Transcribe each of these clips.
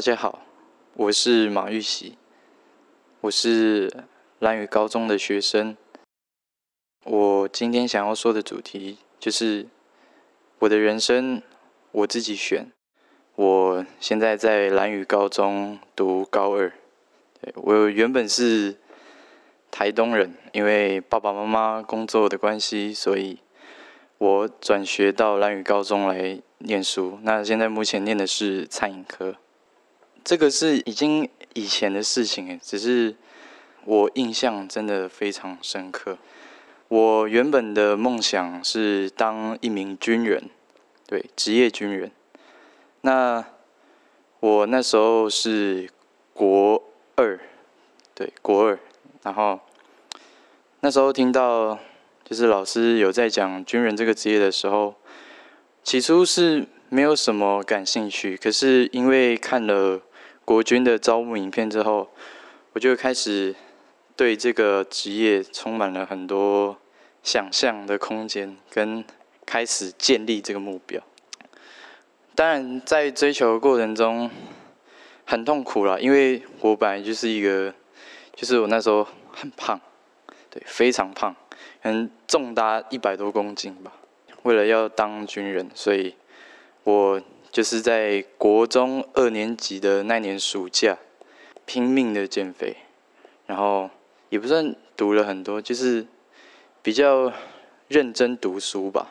大家好，我是馬玉璽，我是蘭嶼高中的學生。我今天想要說的主題就是我的人生我自己選。我現在在蘭嶼高中讀高二，我原本是台東人，因為爸爸媽媽工作的關係，所以我轉學到蘭嶼高中來念書。那現在目前念的是餐飲科。這個是已經以前的事情誒，只是我印象真的非常深刻。我原本的夢想是當一名軍人，對，職業軍人。那我那時候是國二，對，國二。然後那時候聽到就是老師有在講軍人這個職業的時候，起初是沒有什麼感興趣，可是因為看了。國軍的招募影片之後，我就開始對這個職業充滿了很多想象的空間，跟開始建立這個目標。當然，在追求的過程中很痛苦了，因為我本來就是一個，就是我那時候很胖，對，非常胖，可能重達一百多公斤吧。為了要當軍人，所以我。就是在國中二年級的那年暑假，拼命的減肥，然後也不算讀了很多，就是比較認真讀書吧。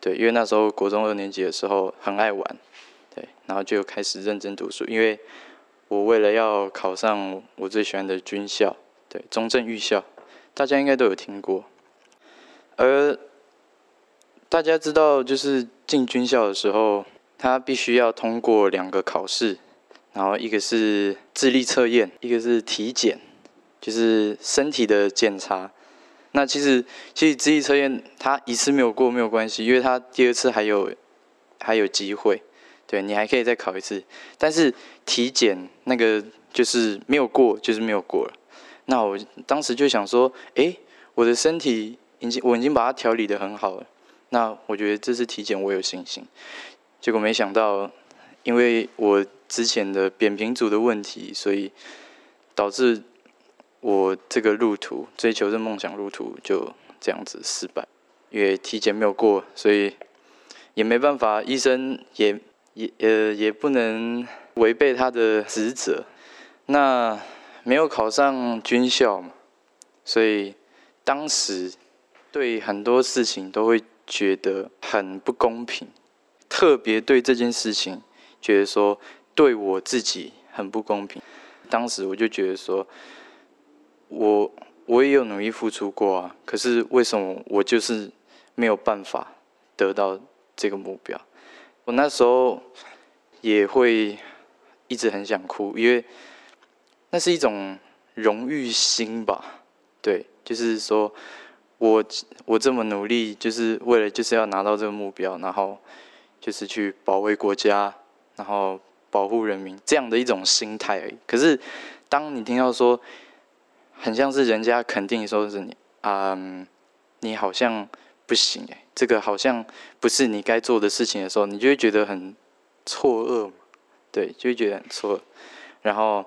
對，因為那時候國中二年級的時候很愛玩，對，然後就開始認真讀書，因為我為了要考上我最喜歡的軍校，對，中正預校，大家應該都有聽過。而、呃、大家知道，就是進軍校的時候。他必須要通過兩個考試，然後一個是智力測驗，一個是體檢，就是身體的檢查。那其實其實智力測驗他一次沒有過沒有關係，因為他第二次還有還有機會，對你還可以再考一次。但是體檢那個就是沒有過就是沒有過了。那我當時就想說，哎、欸，我的身體已經我已經把它調理得很好了，那我覺得這次體檢我有信心。結果沒想到，因為我之前的扁平足的問題，所以導致我這個路途追求的夢想路途就這樣子失敗。因為體檢沒有過，所以也沒辦法，醫生也也也也不能違背他的職責。那沒有考上軍校嘛，所以當時對很多事情都會覺得很不公平。特別對這件事情，覺得說，對我自己很不公平。當時我就覺得說，我我也有努力付出過啊，可是為什麼我就是沒有辦法得到這個目標？我那時候也會一直很想哭，因為那是一種榮譽心吧？對，就是說我我這麼努力，就是為了就是要拿到這個目標，然後。就是去保衛國家，然後保護人民這樣的一種心態而已。可是，當你聽到說，很像是人家肯定說是你，嗯，你好像不行誒、欸，這個好像不是你該做的事情的時候，你就會覺得很錯愕嘛，對，就會覺得很錯愕。然後，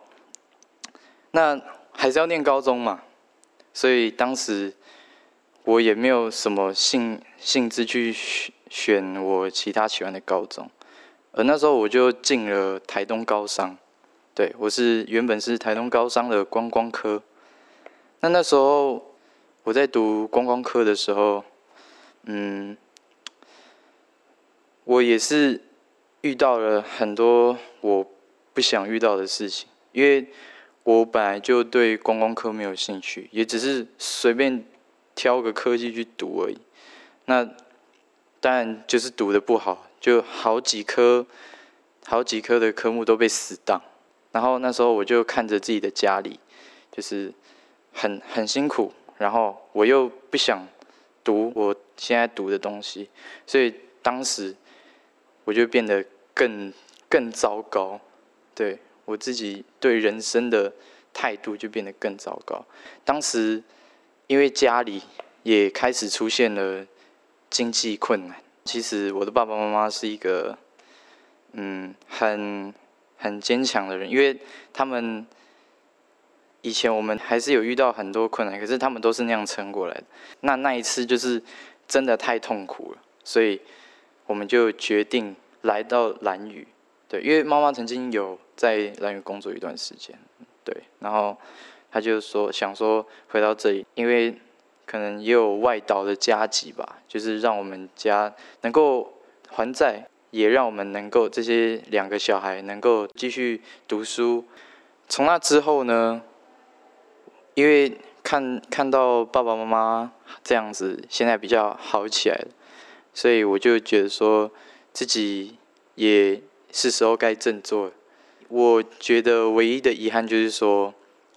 那還是要念高中嘛，所以當時我也沒有什麼興興致去學，選我其他喜歡的高中，而那時候我就進了台東高商。對，我是原本是台東高商的觀光科。那那時候我在讀觀光科的時候，嗯，我也是遇到了很多我不想遇到的事情，因為我本來就對觀光科沒有興趣，也只是隨便挑個科技去讀而已。那但就是讀得不好，就好幾科，好幾科的科目都被死當。然後那時候我就看着自己的家裡，就是很很辛苦。然後我又不想讀我現在讀的東西，所以當時我就變得更更糟糕。對我自己對人生的態度就變得更糟糕。當時因為家裡也開始出現了。經濟困難，其實我的爸爸媽媽是一個，嗯，很很堅強的人，因為他們以前我們還是有遇到很多困難，可是他們都是那樣撐過來的。那那一次就是真的太痛苦了，所以我們就決定來到蘭嶼，對，因為媽媽曾經有在蘭嶼工作一段時間，對，然後她就說想說回到這裡，因為。可能也有外島的加急吧，就是讓我們家能夠還債，也讓我們能夠這些兩個小孩能夠繼續讀書。從那之後呢，因為看看到爸爸媽媽這樣子，現在比較好起來，所以我就覺得說自己也是時候該振作了。我覺得唯一的遺憾就是說，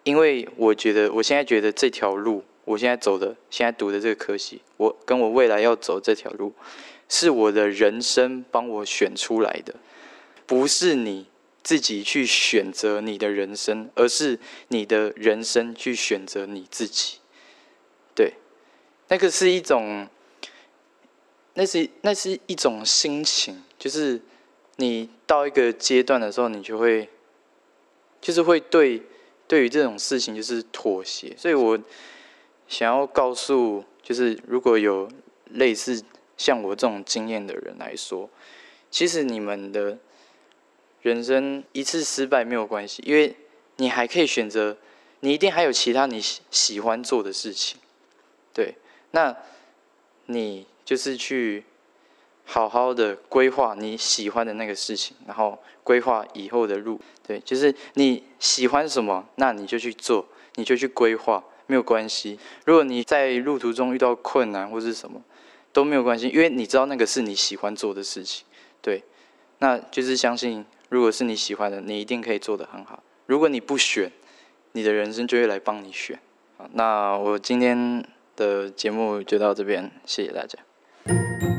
因為我覺得我現在覺得這條路。我現在走的、現在讀的這個科系，我跟我未來要走這條路，是我的人生幫我選出來的，不是你自己去選擇你的人生，而是你的人生去選擇你自己。對，那個是一種，那是那是一種心情，就是你到一個階段的時候，你就會，就是會對對於這種事情就是妥協，所以我。想要告訴，就是如果有類似像我這種經驗的人來說，其實你們的人生一次失敗沒有關係，因為你還可以選擇，你一定還有其他你喜歡做的事情。對，那你就是去好好的規劃你喜歡的那個事情，然後規劃以後的路。對，就是你喜歡什麼，那你就去做，你就去規劃。沒有關係，如果你在路途中遇到困難或是什麼，都沒有關係，因為你知道那個是你喜歡做的事情，對，那就是相信，如果是你喜歡的，你一定可以做得很好。如果你不選，你的人生就會來幫你選。那我今天的節目就到這邊，謝謝大家。